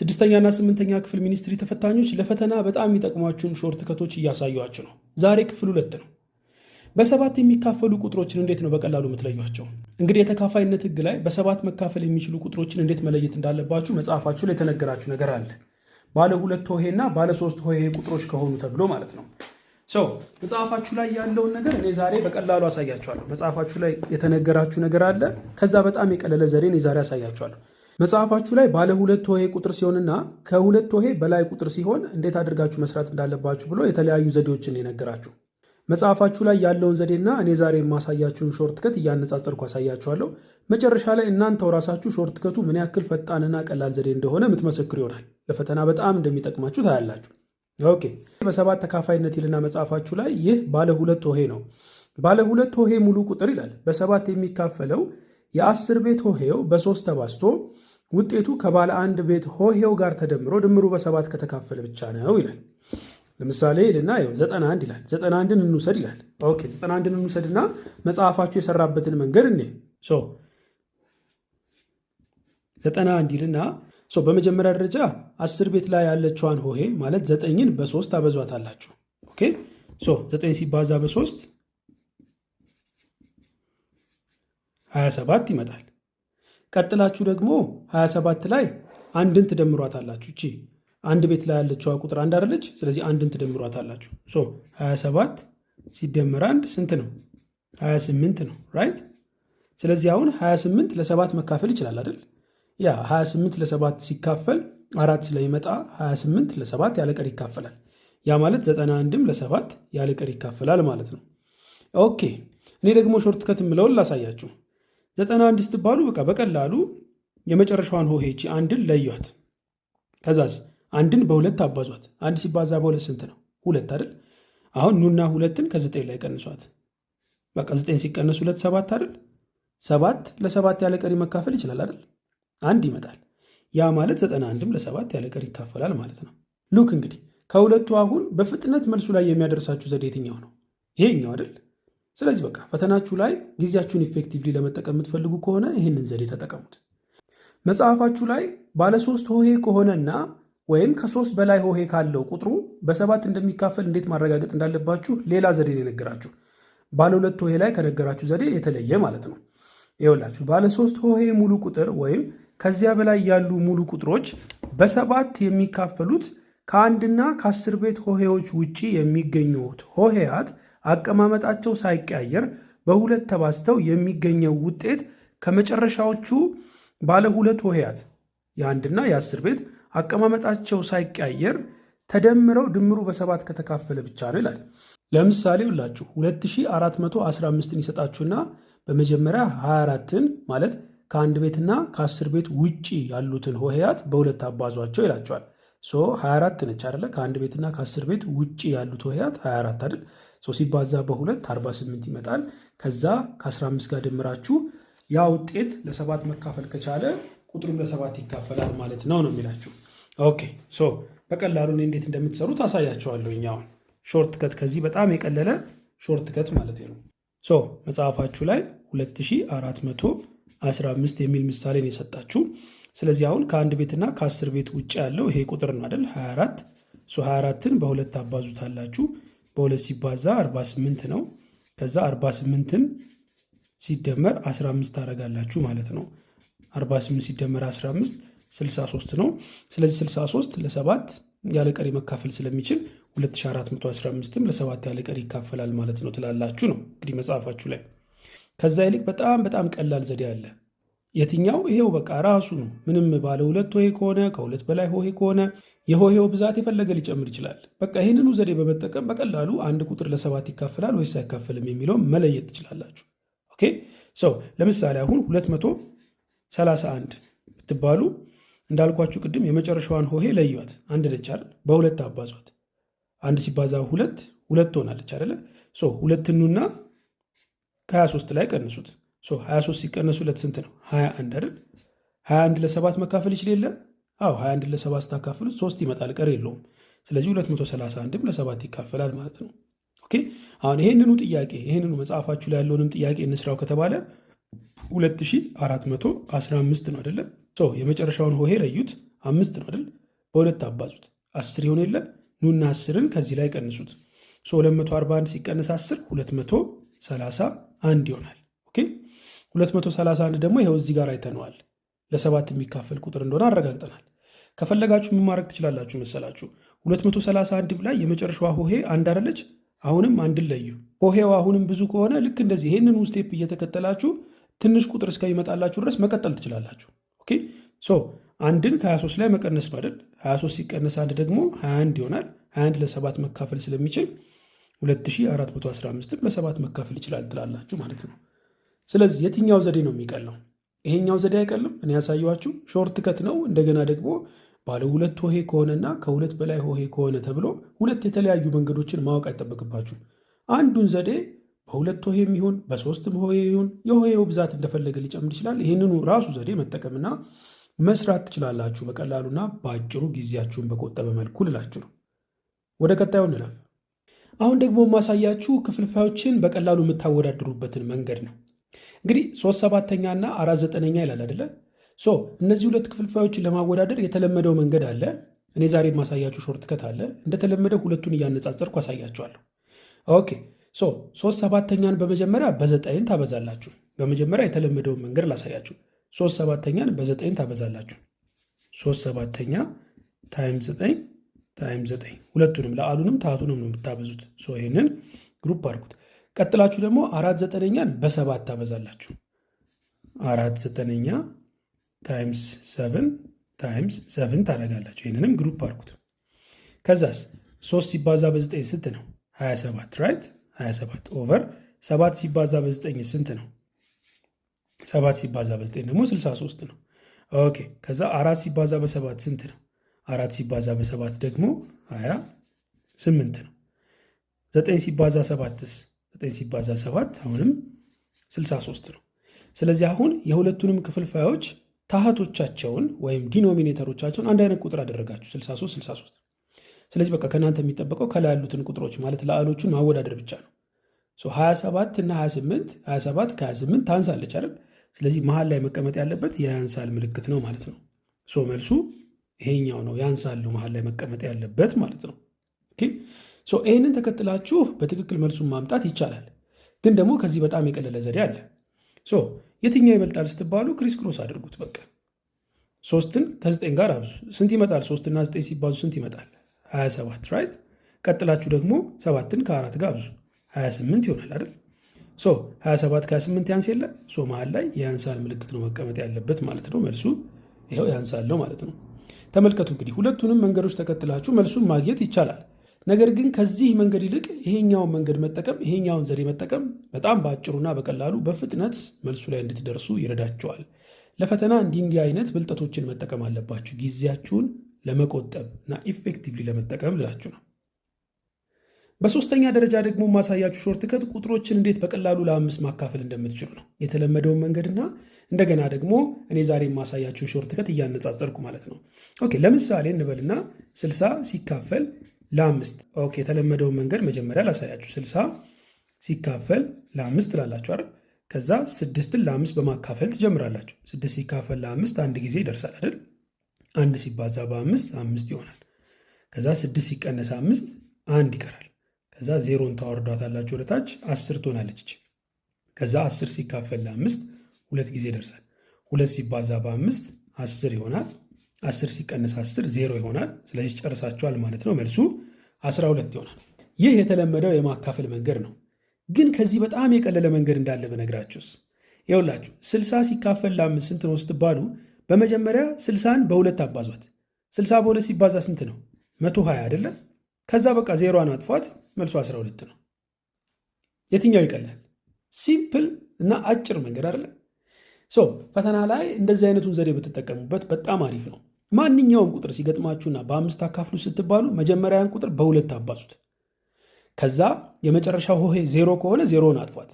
ስድስተኛና ስምንተኛ ክፍል ሚኒስትሪ ተፈታኞች ለፈተና በጣም የሚጠቅሟችሁን ሾርት ከቶች እያሳዩችሁ ነው። ዛሬ ክፍል ሁለት ነው። በሰባት የሚካፈሉ ቁጥሮችን እንዴት ነው በቀላሉ የምትለዩቸው? እንግዲህ የተካፋይነት ህግ ላይ በሰባት መካፈል የሚችሉ ቁጥሮችን እንዴት መለየት እንዳለባችሁ መጽሐፋችሁ ላይ የተነገራችሁ ነገር አለ። ባለ ሁለት ሆሄ ና ባለ ሶስት ሆሄ ቁጥሮች ከሆኑ ተብሎ ማለት ነው። ሰው መጽሐፋችሁ ላይ ያለውን ነገር እኔ ዛሬ በቀላሉ አሳያችኋለሁ። መጽሐፋችሁ ላይ የተነገራችሁ ነገር አለ። ከዛ በጣም የቀለለ ዘዴ እኔ ዛሬ አሳያችኋለሁ። መጽሐፋችሁ ላይ ባለ ሁለት ሆሄ ቁጥር ሲሆንና ከሁለት ሆሄ በላይ ቁጥር ሲሆን እንዴት አድርጋችሁ መስራት እንዳለባችሁ ብሎ የተለያዩ ዘዴዎችን የነገራችሁ። መጽሐፋችሁ ላይ ያለውን ዘዴና እኔ ዛሬ የማሳያችሁን ሾርትከት እያነጻጸርኩ አሳያችኋለሁ። መጨረሻ ላይ እናንተው ራሳችሁ ሾርትከቱ ምን ያክል ፈጣንና ቀላል ዘዴ እንደሆነ የምትመሰክር ይሆናል። ለፈተና በጣም እንደሚጠቅማችሁ ታያላችሁ። ኦኬ በሰባት ተካፋይነት ይልና መጽሐፋችሁ ላይ ይህ ባለ ሁለት ሆሄ ነው። ባለ ሁለት ሆሄ ሙሉ ቁጥር ይላል። በሰባት የሚካፈለው የአስር ቤት ሆሄው በሶስት ተባዝቶ ውጤቱ ከባለ አንድ ቤት ሆሄው ጋር ተደምሮ ድምሩ በሰባት ከተካፈለ ብቻ ነው ይላል። ለምሳሌ ልና ዘጠና አንድ ይላል። ዘጠና አንድን እንውሰድ ይላል። ኦኬ ዘጠና አንድን እንውሰድና መጽሐፋችሁ የሰራበትን መንገድ እኔ ዘጠና አንድ ይልና በመጀመሪያ ደረጃ አስር ቤት ላይ ያለችዋን ሆሄ ማለት ዘጠኝን በሶስት አበዟት አላችሁ። ኦኬ ዘጠኝ ሲባዛ በሶስት 27 ይመጣል። ቀጥላችሁ ደግሞ 27 ላይ አንድን ትደምሯታላችሁ። እቺ አንድ ቤት ላይ ያለችዋ ቁጥር አንድ አይደለች? ስለዚህ አንድን ትደምሯታላችሁ። ሶ 27 ሲደመር አንድ ስንት ነው? 28 ነው። ራይት ስለዚህ አሁን 28 ለሰባት መካፈል ይችላል አይደል? ያ 28 ለሰባት ሲካፈል አራት ስለሚመጣ 28 ለሰባት ያለቀር ይካፈላል። ያ ማለት 91ም ለሰባት ያለቀር ይካፈላል ማለት ነው። ኦኬ እኔ ደግሞ ሾርትከት የምለውን ላሳያችሁ። ዘጠና አንድ ስትባሉ በቃ በቀላሉ የመጨረሻዋን ሆሄቺ አንድን ለዩት። ከዛስ አንድን በሁለት አባዟት። አንድ ሲባዛ በሁለት ስንት ነው? ሁለት አይደል? አሁን ኑና ሁለትን ከዘጠኝ ላይ ቀንሷት። በቃ ዘጠኝ ሲቀነስ ሁለት ሰባት አይደል? ሰባት ለሰባት ያለ ቀሪ መካፈል ይችላል አይደል? አንድ ይመጣል። ያ ማለት ዘጠና አንድም ለሰባት ያለ ቀሪ ይካፈላል ማለት ነው። ሉክ እንግዲህ ከሁለቱ አሁን በፍጥነት መልሱ ላይ የሚያደርሳችሁ ዘዴ የትኛው ነው? ይሄኛው አይደል? ስለዚህ በቃ ፈተናችሁ ላይ ጊዜያችሁን ኢፌክቲቭሊ ለመጠቀም የምትፈልጉ ከሆነ ይህንን ዘዴ ተጠቀሙት። መጽሐፋችሁ ላይ ባለ ሶስት ሆሄ ከሆነና ወይም ከሶስት በላይ ሆሄ ካለው ቁጥሩ በሰባት እንደሚካፈል እንዴት ማረጋገጥ እንዳለባችሁ ሌላ ዘዴ የነገራችሁ ባለ ሁለት ሆሄ ላይ ከነገራችሁ ዘዴ የተለየ ማለት ነው። ይኸውላችሁ ባለ ሶስት ሆሄ ሙሉ ቁጥር ወይም ከዚያ በላይ ያሉ ሙሉ ቁጥሮች በሰባት የሚካፈሉት ከአንድና ከአስር ቤት ሆሄዎች ውጪ የሚገኙት ሆሄያት አቀማመጣቸው ሳይቀያየር በሁለት ተባዝተው የሚገኘው ውጤት ከመጨረሻዎቹ ባለ ሁለት ሆሄያት የአንድና የአስር ቤት አቀማመጣቸው ሳይቀያየር ተደምረው ድምሩ በሰባት ከተካፈለ ብቻ ነው ይላል። ለምሳሌ ሁላችሁ 2415ን ይሰጣችሁና በመጀመሪያ 24ን ማለት ከአንድ ቤትና ከአስር ቤት ውጪ ያሉትን ሆሄያት በሁለት አባዟቸው ይላቸዋል። ሶ 24 ነች አደለ ከአንድ ቤትና ከአስር ቤት ውጭ ያሉት ወህያት 24 አደል? ሶ ሲባዛ በሁለት 48 ይመጣል። ከዛ ከ15 ጋር ደምራችሁ ያ ውጤት ለሰባት መካፈል ከቻለ ቁጥሩም ለሰባት ይካፈላል ማለት ነው ነው የሚላችሁ። ኦኬ ሶ በቀላሉ እኔ እንዴት እንደምትሰሩ ታሳያችኋለሁ። እኛውን ሾርት ከት ከዚህ በጣም የቀለለ ሾርት ከት ማለት ነው። ሶ መጽሐፋችሁ ላይ 2415 የሚል ምሳሌን የሰጣችሁ ስለዚህ አሁን ከአንድ ቤትና ከአስር ቤት ውጭ ያለው ይሄ ቁጥር ነው አይደል? 24 24ን በሁለት አባዙታላችሁ። በሁለት ሲባዛ 48 ነው። ከዛ 48ን ሲደመር 15 ታደርጋላችሁ ማለት ነው። 48 ሲደመር 15 63 ነው። ስለዚህ 63 ለሰባት ያለ ቀሪ መካፈል ስለሚችል 2415ም ለሰባት ያለ ቀሪ ይካፈላል ማለት ነው ትላላችሁ ነው እንግዲህ መጽሐፋችሁ ላይ። ከዛ ይልቅ በጣም በጣም ቀላል ዘዴ አለ። የትኛው ይሄው በቃ ራሱ ነው። ምንም ባለ ሁለት ሆሄ ከሆነ ከሁለት በላይ ሆሄ ከሆነ የሆሄው ብዛት የፈለገ ሊጨምር ይችላል። በቃ ይህንኑ ዘዴ በመጠቀም በቀላሉ አንድ ቁጥር ለሰባት ይካፈላል ወይስ አይካፈልም የሚለውን መለየት ትችላላችሁ። ኦኬ ሰው ለምሳሌ አሁን 231 ብትባሉ እንዳልኳችሁ ቅድም የመጨረሻዋን ሆሄ ለዩት። አንድ ነች አይደል? በሁለት አባዟት። አንድ ሲባዛ ሁለት ሁለት ሆናለች አይደለ? ሁለትኑና ከ23 ላይ ቀንሱት። 23 ሲቀነስ ሁለት ስንት ነው? 21 አይደል? 21 ለሰባት መካፈል ይችል የለ? አዎ 21 ለሰባት ስታካፍሉት ሶስት ይመጣል፣ ቀር የለውም። ስለዚህ 231ም ለሰባት ይካፈላል ማለት ነው። ኦኬ አሁን ይሄንኑ ጥያቄ ይሄንኑ መጽሐፋችሁ ላይ ያለውንም ጥያቄ እንስራው ከተባለ 2415 ነው አይደለ? የመጨረሻውን ሆሄ ለዩት፣ አምስት ነው አይደል? በሁለት አባዙት፣ አስር ይሆን የለ? ኑና አስርን ከዚህ ላይ ቀንሱት። 241 ሲቀነስ 10 231 ይሆናል። ኦኬ 231 ደግሞ ይኸው እዚህ ጋር አይተነዋል። ለሰባት የሚካፈል ቁጥር እንደሆነ አረጋግጠናል። ከፈለጋችሁ ምን ትችላላችሁ መሰላችሁ? 231 ላይ የመጨረሻዋ ሆሄ አንድ አደለች? አሁንም አንድን ለዩ። ሆሄው አሁንም ብዙ ከሆነ ልክ እንደዚህ ይህንን ስቴፕ እየተከተላችሁ ትንሽ ቁጥር እስከሚመጣላችሁ ድረስ መቀጠል ትችላላችሁ። ኦኬ ሶ አንድን ከ23 ላይ መቀነስ ነው አይደል? 23 ሲቀነስ አንድ ደግሞ 21 ይሆናል። 21 ለሰባት መካፈል ስለሚችል 2415 ለሰባት መካፈል ይችላል ትላላችሁ ማለት ነው። ስለዚህ የትኛው ዘዴ ነው የሚቀለው? ይሄኛው ዘዴ አይቀልም። እኔ ያሳየኋችሁ ሾርት ከት ነው። እንደገና ደግሞ ባለ ሁለት ሆሄ ከሆነና ከሁለት በላይ ሆሄ ከሆነ ተብሎ ሁለት የተለያዩ መንገዶችን ማወቅ አይጠበቅባችሁ። አንዱን ዘዴ በሁለት ሆሄ የሚሆን በሶስትም ሆሄ ይሁን የሆሄው ብዛት እንደፈለገ ሊጨምር ይችላል። ይህንኑ ራሱ ዘዴ መጠቀምና መስራት ትችላላችሁ በቀላሉና በአጭሩ ጊዜያችሁን በቆጠበ መልኩ ልላችሁ ነው። ወደ ቀጣዩ እንለፍ። አሁን ደግሞ የማሳያችሁ ክፍልፋዮችን በቀላሉ የምታወዳድሩበትን መንገድ ነው። እንግዲህ ሶስት ሰባተኛ እና አራት ዘጠነኛ ይላል አደለ? ሶ እነዚህ ሁለት ክፍልፋዮችን ለማወዳደር የተለመደው መንገድ አለ። እኔ ዛሬ የማሳያችሁ ሾርት ከት አለ። እንደተለመደው ሁለቱን እያነጻጸርኩ አሳያችኋለሁ። ኦኬ ሶ ሶስት ሰባተኛን በመጀመሪያ በዘጠኝ ታበዛላችሁ። በመጀመሪያ የተለመደውን መንገድ ላሳያችሁ። ሶስት ሰባተኛን በዘጠኝ ታበዛላችሁ። ሶስት ሰባተኛ ታይም ዘጠኝ ታይም ዘጠኝ ሁለቱንም ለአሉንም ታቱንም ነው የምታበዙት። ይህንን ግሩፕ አድርጉት። ቀጥላችሁ ደግሞ አራት ዘጠነኛን በሰባት ታበዛላችሁ። አራት ዘጠነኛ ታይምስ ሰቨን ታይምስ ሰቨን ታደርጋላችሁ። ይህንንም ግሩፕ አድርጉት። ከዛስ ሶስት ሲባዛ በዘጠኝ ስንት ነው? 27 ራይት 27 ኦቨር ሰባት ሲባዛ በዘጠኝ ስንት ነው? ሰባት ሲባዛ በዘጠኝ ደግሞ 63 ነው። ኦኬ ከዛ አራት ሲባዛ በሰባት ስንት ነው? አራት ሲባዛ በሰባት ደግሞ 28 ነው። ዘጠኝ ሲባዛ ሰባትስ 9 ሲባዛ 7 አሁንም 63 ነው። ስለዚህ አሁን የሁለቱንም ክፍልፋዮች ታህቶቻቸውን ወይም ዲኖሚኔተሮቻቸውን አንድ አይነት ቁጥር አደረጋችሁ 63 63 ስለዚህ በቃ ከእናንተ የሚጠበቀው ከላይ ያሉትን ቁጥሮች ማለት ለአሎቹን ማወዳደር ብቻ ነው። 27 እና 28 27 ከ28 ታንሳለች አይደል? ስለዚህ መሀል ላይ መቀመጥ ያለበት የያንሳል ምልክት ነው ማለት ነው። ሶ መልሱ ይሄኛው ነው። ያንሳል መሀል ላይ መቀመጥ ያለበት ማለት ነው። ኦኬ ይህንን ተከትላችሁ በትክክል መልሱን ማምጣት ይቻላል። ግን ደግሞ ከዚህ በጣም የቀለለ ዘዴ አለ። የትኛው ይበልጣል ስትባሉ ክሪስ ክሮስ አድርጉት። በቃ ሶስትን ከዘጠኝ ጋር አብዙ። ስንት ይመጣል? ሶስትና ዘጠኝ ሲባዙ ስንት ይመጣል? 27 ራይት። ቀጥላችሁ ደግሞ ሰባትን ከአራት ጋር አብዙ 28 ይሆናል አይደል? 27 ከ28 ያንስ የለ ሶ መሀል ላይ የአንሳል ምልክት ነው መቀመጥ ያለበት ማለት ነው። መልሱ ይኸው ያንሳለው ማለት ነው። ተመልከቱ እንግዲህ ሁለቱንም መንገዶች ተከትላችሁ መልሱን ማግኘት ይቻላል። ነገር ግን ከዚህ መንገድ ይልቅ ይሄኛውን መንገድ መጠቀም ይሄኛውን ዘዴ መጠቀም በጣም በአጭሩና በቀላሉ በፍጥነት መልሱ ላይ እንድትደርሱ ይረዳቸዋል። ለፈተና እንዲህ እንዲህ አይነት ብልጠቶችን መጠቀም አለባችሁ ጊዜያችሁን ለመቆጠብ እና ኢፌክቲቭሊ ለመጠቀም ልላችሁ ነው። በሶስተኛ ደረጃ ደግሞ ማሳያችሁ ሾርት ከት ቁጥሮችን እንዴት በቀላሉ ለአምስት ማካፈል እንደምትችሉ ነው። የተለመደውን መንገድና እንደገና ደግሞ እኔ ዛሬ ማሳያችሁን ሾርት ከት እያነጻጸርኩ ማለት ነው። ኦኬ ለምሳሌ እንበልና ስልሳ ሲካፈል ለአምስት ኦኬ፣ የተለመደውን መንገድ መጀመሪያ ላሳያችሁ። ስልሳ ሲካፈል ለአምስት ትላላችሁ አይደል? ከዛ ስድስትን ለአምስት በማካፈል ትጀምራላችሁ። ስድስት ሲካፈል ለአምስት አንድ ጊዜ ይደርሳል አይደል? አንድ ሲባዛ በአምስት አምስት ይሆናል። ከዛ ስድስት ሲቀነስ አምስት አንድ ይቀራል። ከዛ ዜሮን ታወርዷታላችሁ ወደታች አስር ትሆናለች። ከዛ አስር ሲካፈል ለአምስት ሁለት ጊዜ ይደርሳል። ሁለት ሲባዛ በአምስት አስር ይሆናል። 10 ሲቀነስ 10 ዜሮ ይሆናል። ስለዚህ ጨርሳችኋል ማለት ነው። መልሱ 12 ይሆናል። ይህ የተለመደው የማካፈል መንገድ ነው። ግን ከዚህ በጣም የቀለለ መንገድ እንዳለ በነግራችሁስ ይኸውላችሁ 60 ሲካፈል ለአምስት ስንት ነው ስትባሉ በመጀመሪያ 60ን በሁለት አባዟት። 60 በሁለት ሲባዛ ስንት ነው? 120 አይደለ? ከዛ በቃ ዜሮ አጥፏት መልሱ 12 ነው። የትኛው ይቀላል? ሲምፕል እና አጭር መንገድ አይደለ? ሶ ፈተና ላይ እንደዚህ አይነቱን ዘዴ በተጠቀሙበት በጣም አሪፍ ነው። ማንኛውም ቁጥር ሲገጥማችሁና በአምስት አካፍሉ ስትባሉ መጀመሪያን ቁጥር በሁለት አባዙት። ከዛ የመጨረሻ ሆሄ ዜሮ ከሆነ ዜሮን አጥፏት።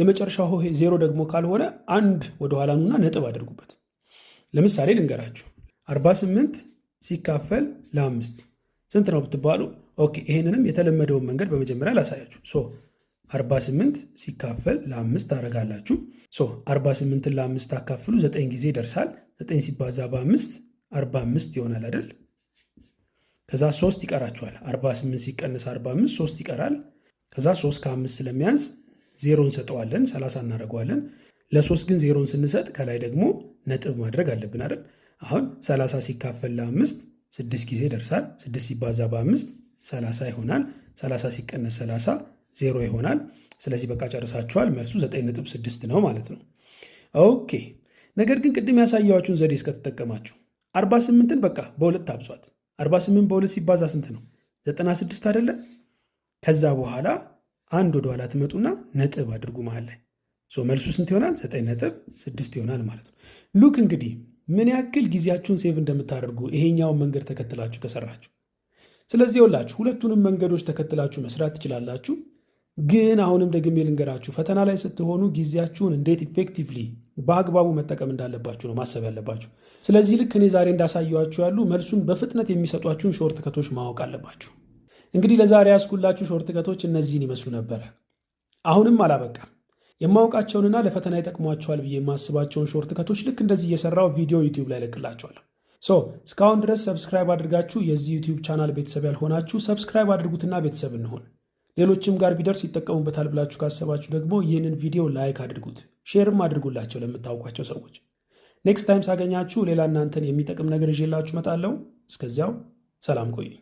የመጨረሻ ሆሄ ዜሮ ደግሞ ካልሆነ አንድ ወደኋላ ኑና ነጥብ አድርጉበት። ለምሳሌ ልንገራችሁ፣ 48 ሲካፈል ለአምስት ስንት ነው ብትባሉ፣ ኦኬ ይህንንም የተለመደውን መንገድ በመጀመሪያ ላሳያችሁ። ሶ 48 ሲካፈል ለአምስት ታደርጋላችሁ። ሶ 48ን ለአምስት አካፍሉ ዘጠኝ ጊዜ ይደርሳል። ዘጠኝ ሲባዛ በአምስት አርባ አምስት ይሆናል አይደል? ከዛ ሶስት ይቀራቸዋል። አርባ ስምንት ሲቀንስ 3 አምስት ሶስት ይቀራል። ከዛ ሶስት ከአምስት ስለሚያንስ ዜሮ እንሰጠዋለን፣ ሰላሳ እናደርገዋለን። ለሶስት ግን ዜሮን ስንሰጥ ከላይ ደግሞ ነጥብ ማድረግ አለብን አይደል? አሁን ሰላሳ ሲካፈል ለአምስት ስድስት ጊዜ ደርሳል። ስድስት ሲባዛ በአምስት ሰላሳ ይሆናል። ሰላሳ ሲቀነስ ሰላሳ ዜሮ ይሆናል። ስለዚህ በቃ ጨርሳችኋል። መልሱ ዘጠኝ ነጥብ ስድስት ነው ማለት ነው። ኦኬ ነገር ግን ቅድም ያሳየዋችሁን ዘዴ እስከተጠቀማችሁ አርባ ስምንትን በቃ በሁለት አብዟት። አርባ ስምንት በሁለት ሲባዛ ስንት ነው? ዘጠና ስድስት አይደለ? ከዛ በኋላ አንድ ወደ ኋላ ትመጡና ነጥብ አድርጉ መሀል ላይ መልሱ ስንት ይሆናል? ዘጠኝ ነጥብ ስድስት ይሆናል ማለት ነው። ሉክ እንግዲህ ምን ያክል ጊዜያችሁን ሴቭ እንደምታደርጉ ይሄኛውን መንገድ ተከትላችሁ ከሰራችሁ። ስለዚህ ይኸውላችሁ ሁለቱንም መንገዶች ተከትላችሁ መስራት ትችላላችሁ። ግን አሁንም ደግሜ ልንገራችሁ፣ ፈተና ላይ ስትሆኑ ጊዜያችሁን እንዴት ኢፌክቲቭሊ በአግባቡ መጠቀም እንዳለባችሁ ነው ማሰብ ያለባችሁ። ስለዚህ ልክ እኔ ዛሬ እንዳሳየኋችሁ ያሉ መልሱን በፍጥነት የሚሰጧችሁን ሾርት ከቶች ማወቅ አለባችሁ። እንግዲህ ለዛሬ ያስኩላችሁ ሾርት ከቶች እነዚህን ይመስሉ ነበረ። አሁንም አላበቃም። የማወቃቸውንና ለፈተና ይጠቅሟቸዋል ብዬ የማስባቸውን ሾርት ከቶች ልክ እንደዚህ እየሰራው ቪዲዮ ዩቲዩብ ላይ ለቅላቸዋለሁ። ሶ እስካሁን ድረስ ሰብስክራይብ አድርጋችሁ የዚህ ዩቲዩብ ቻናል ቤተሰብ ያልሆናችሁ ሰብስክራይብ አድርጉትና ቤተሰብ እንሆን። ሌሎችም ጋር ቢደርስ ይጠቀሙበታል ብላችሁ ካሰባችሁ ደግሞ ይህንን ቪዲዮ ላይክ አድርጉት፣ ሼርም አድርጉላቸው ለምታውቋቸው ሰዎች። ኔክስት ታይም ሳገኛችሁ ሌላ እናንተን የሚጠቅም ነገር ይዤላችሁ እመጣለሁ። እስከዚያው ሰላም ቆይ